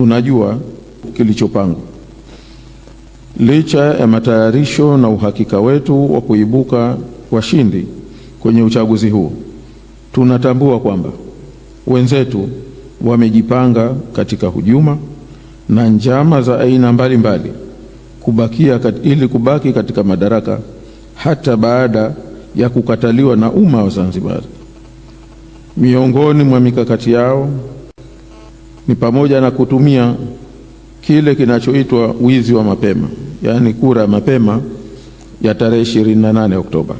tunajua kilichopangwa. Licha ya matayarisho na uhakika wetu wa kuibuka washindi kwenye uchaguzi huo, tunatambua kwamba wenzetu wamejipanga katika hujuma na njama za aina mbalimbali mbali, kubakia kat, ili kubaki katika madaraka hata baada ya kukataliwa na umma wa Zanzibar. Miongoni mwa mikakati yao ni pamoja na kutumia kile kinachoitwa wizi wa mapema, yaani kura ya mapema ya tarehe 28 Oktoba,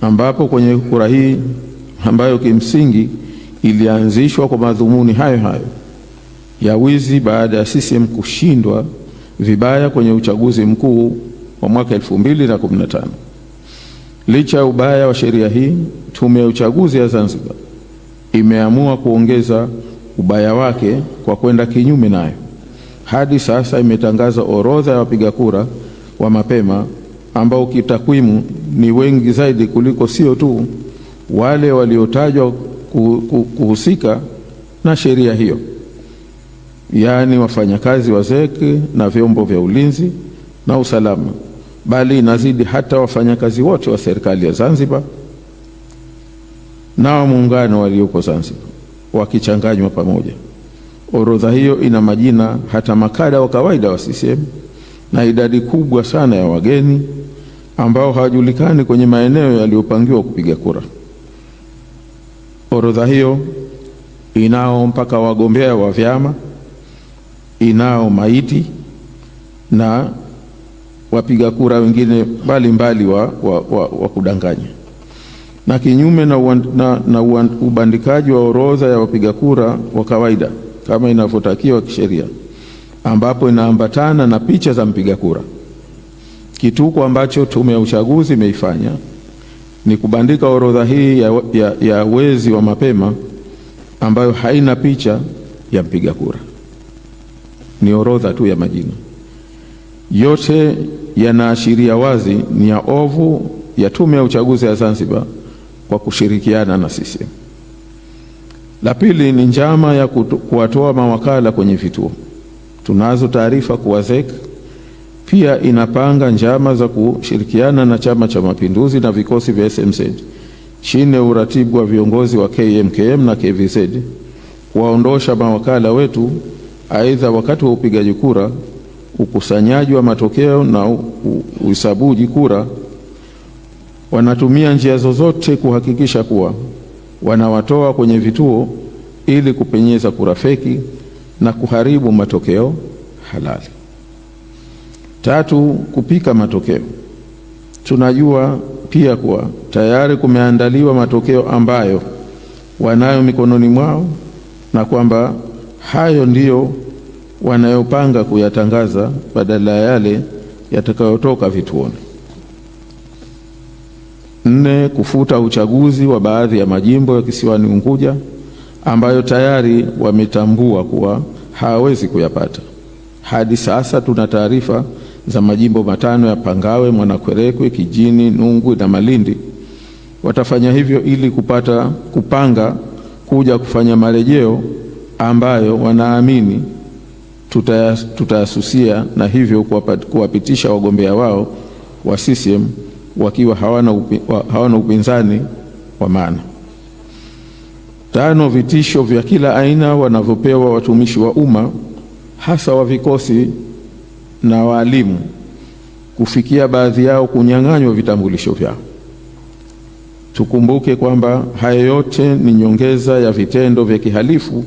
ambapo kwenye kura hii ambayo kimsingi ilianzishwa kwa madhumuni hayo hayo ya wizi baada ya CCM kushindwa vibaya kwenye uchaguzi mkuu wa mwaka 2015. Licha ya ubaya wa sheria hii, Tume ya Uchaguzi ya Zanzibar imeamua kuongeza ubaya wake kwa kwenda kinyume nayo. Hadi sasa imetangaza orodha ya wapiga kura wa mapema ambao kitakwimu ni wengi zaidi kuliko sio tu wale waliotajwa kuhusika na sheria hiyo, yaani wafanyakazi wa zeki na vyombo vya ulinzi na usalama, bali inazidi hata wafanyakazi wote wa serikali ya Zanzibar na wa muungano walioko Zanzibar wakichanganywa pamoja. Orodha hiyo ina majina hata makada wa kawaida wa CCM na idadi kubwa sana ya wageni ambao hawajulikani kwenye maeneo yaliyopangiwa kupiga kura. Orodha hiyo inao mpaka wagombea wa vyama, inao maiti na wapiga kura wengine mbalimbali wa, wa, wa, wa kudanganya na kinyume na, uand, na, na uand, ubandikaji wa orodha ya wapiga kura wa kawaida kama inavyotakiwa kisheria, ambapo inaambatana na picha za mpiga kura. Kituko ambacho Tume ya Uchaguzi imeifanya ni kubandika orodha hii ya, ya, ya wezi wa mapema ambayo haina picha ya mpiga kura, ni orodha tu ya majina. Yote yanaashiria wazi ni ya ovu ya Tume ya Uchaguzi ya Zanzibar kwa kushirikiana na sisi. La pili ni njama ya kuwatoa mawakala kwenye vituo. Tunazo taarifa kuwa ZEC pia inapanga njama za kushirikiana na Chama cha Mapinduzi na vikosi vya SMZ chini ya uratibu wa viongozi wa KMKM na KVZ kuwaondosha mawakala wetu, aidha wakati wa upigaji kura, ukusanyaji wa matokeo na uhesabuji kura wanatumia njia zozote kuhakikisha kuwa wanawatoa kwenye vituo ili kupenyeza kura feki na kuharibu matokeo halali. Tatu, kupika matokeo. Tunajua pia kuwa tayari kumeandaliwa matokeo ambayo wanayo mikononi mwao na kwamba hayo ndiyo wanayopanga kuyatangaza badala ya yale yatakayotoka vituoni. Nne, kufuta uchaguzi wa baadhi ya majimbo ya kisiwani Unguja ambayo tayari wametambua kuwa hawawezi kuyapata. Hadi sasa tuna taarifa za majimbo matano ya Pangawe, Mwanakwerekwe, Kijini, Nungwi na Malindi. Watafanya hivyo ili kupata kupanga kuja kufanya marejeo ambayo wanaamini tutayasusia na hivyo kuwapitisha wagombea wao wa CCM wakiwa hawana, upi, wa, hawana upinzani wa maana. Tano, vitisho vya kila aina wanavyopewa watumishi wa umma hasa wa vikosi na waalimu, kufikia baadhi yao kunyang'anywa vitambulisho vyao. Tukumbuke kwamba haya yote ni nyongeza ya vitendo vya kihalifu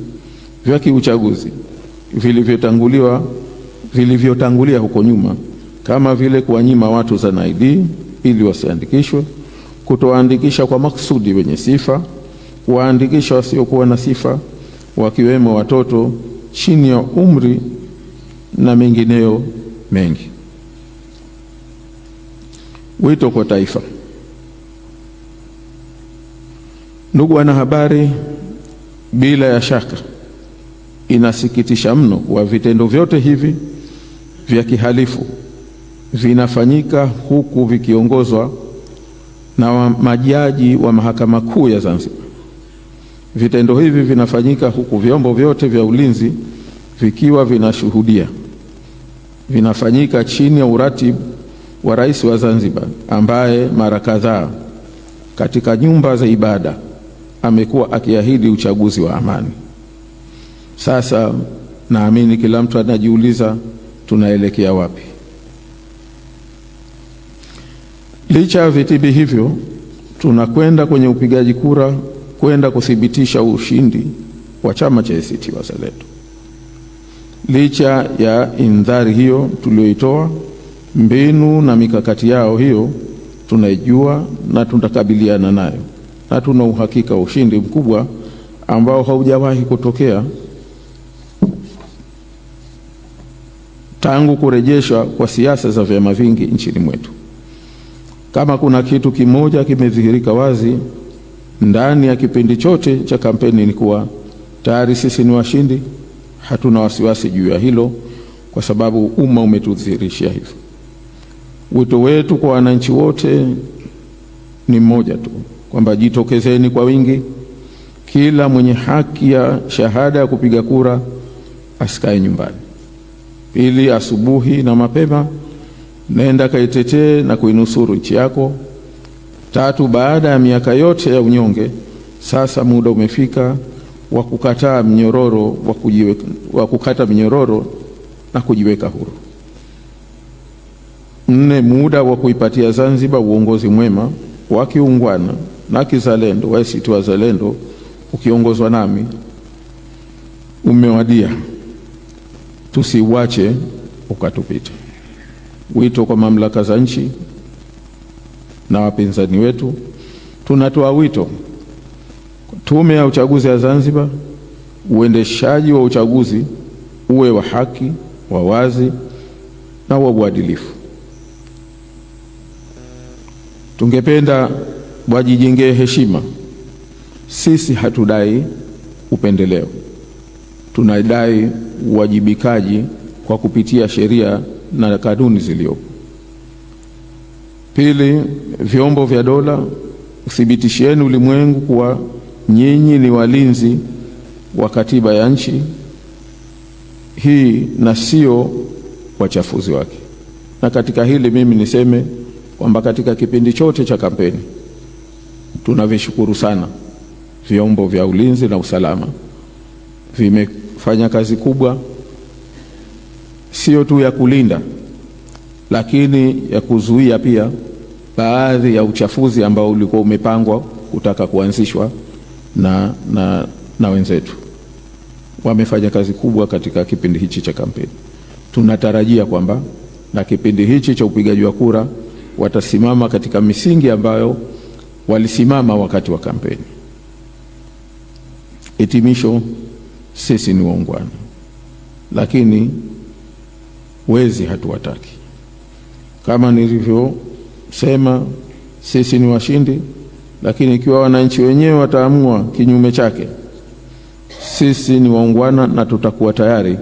vya kiuchaguzi vilivyotanguliwa vilivyotangulia huko nyuma, kama vile kuwanyima watu za ID ili wasiandikishwe, kutoandikisha kwa maksudi wenye sifa, kuwaandikisha wasiokuwa na sifa, wakiwemo watoto chini ya umri na mengineyo mengi. Wito kwa taifa. Ndugu wanahabari, bila ya shaka inasikitisha mno kwa vitendo vyote hivi vya kihalifu vinafanyika huku vikiongozwa na majaji wa Mahakama Kuu ya Zanzibar. Vitendo hivi vinafanyika huku vyombo vyote vya ulinzi vikiwa vinashuhudia. Vinafanyika chini ya uratibu wa Rais wa Zanzibar, ambaye mara kadhaa katika nyumba za ibada amekuwa akiahidi uchaguzi wa amani. Sasa naamini kila mtu anajiuliza tunaelekea wapi? Licha ya vitibi hivyo, tunakwenda kwenye upigaji kura kwenda kuthibitisha ushindi wa chama cha ACT Wazalendo. Licha ya indhari hiyo tuliyoitoa, mbinu na mikakati yao hiyo tunaijua na tutakabiliana nayo, na tuna uhakika wa ushindi mkubwa ambao haujawahi kutokea tangu kurejeshwa kwa siasa za vyama vingi nchini mwetu. Kama kuna kitu kimoja kimedhihirika wazi ndani ya kipindi chote cha kampeni ni kuwa tayari sisi ni washindi. Hatuna wasiwasi juu ya hilo, kwa sababu umma umetudhihirishia hivyo. Wito wetu kwa wananchi wote ni mmoja tu, kwamba jitokezeni kwa wingi. Kila mwenye haki ya shahada ya kupiga kura asikae nyumbani, ili asubuhi na mapema nenda kaitetee na kuinusuru nchi yako. Tatu, baada ya miaka yote ya unyonge, sasa muda umefika wa kukataa mnyororo wa kujiweka, wa kukata mnyororo na kujiweka huru. Nne, muda wa kuipatia Zanzibar uongozi mwema wa kiungwana na kizalendo wa ACT Wazalendo ukiongozwa nami umewadia, tusiwache ukatupita wito kwa mamlaka za nchi na wapinzani wetu, tunatoa wito Tume ya Uchaguzi ya Zanzibar, uendeshaji wa uchaguzi uwe wa haki, wa wazi na wa uadilifu. Tungependa wajijengee heshima. Sisi hatudai upendeleo, tunadai uwajibikaji kwa kupitia sheria na kanuni zilizopo. Pili, vyombo vya dola, thibitisheni ulimwengu kuwa nyinyi ni walinzi wa katiba ya nchi hii na sio wachafuzi wake. Na katika hili mimi niseme kwamba katika kipindi chote cha kampeni tunavishukuru sana vyombo vya ulinzi na usalama, vimefanya kazi kubwa sio tu ya kulinda, lakini ya kuzuia pia baadhi ya uchafuzi ambao ulikuwa umepangwa kutaka kuanzishwa na, na, na wenzetu. Wamefanya kazi kubwa katika kipindi hichi cha kampeni. Tunatarajia kwamba na kipindi hichi cha upigaji wa kura watasimama katika misingi ambayo walisimama wakati wa kampeni. Hitimisho, sisi ni waungwana, lakini Wezi hatuwataki. Kama nilivyosema, sisi ni washindi, lakini ikiwa wananchi wenyewe wataamua kinyume chake, sisi ni waungwana na tutakuwa tayari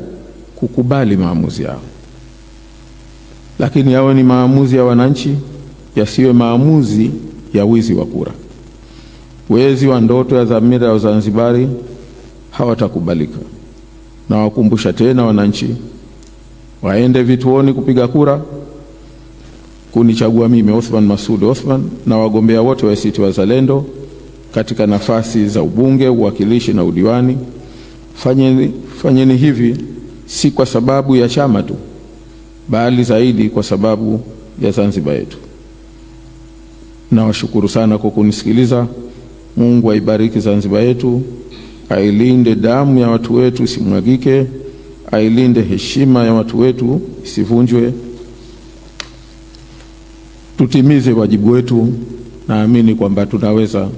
kukubali maamuzi yao, lakini yawe ni maamuzi ya wananchi, yasiwe maamuzi ya wizi wa kura. Wezi wa ndoto ya dhamira ya Wazanzibari hawatakubalika. Nawakumbusha tena wananchi waende vituoni kupiga kura kunichagua mimi Othman Masud Othman na wagombea wote wa ACT Wazalendo katika nafasi za ubunge, uwakilishi na udiwani. Fanyeni, fanyeni hivi si kwa sababu ya chama tu, bali zaidi kwa sababu ya Zanzibar yetu. Nawashukuru sana kwa kunisikiliza. Mungu aibariki Zanzibar yetu, ailinde, damu ya watu wetu isimwagike ailinde heshima ya watu wetu isivunjwe, tutimize wajibu wetu. Naamini kwamba tunaweza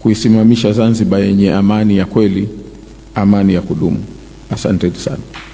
kuisimamisha Zanzibar yenye amani ya kweli, amani ya kudumu. Asanteni sana.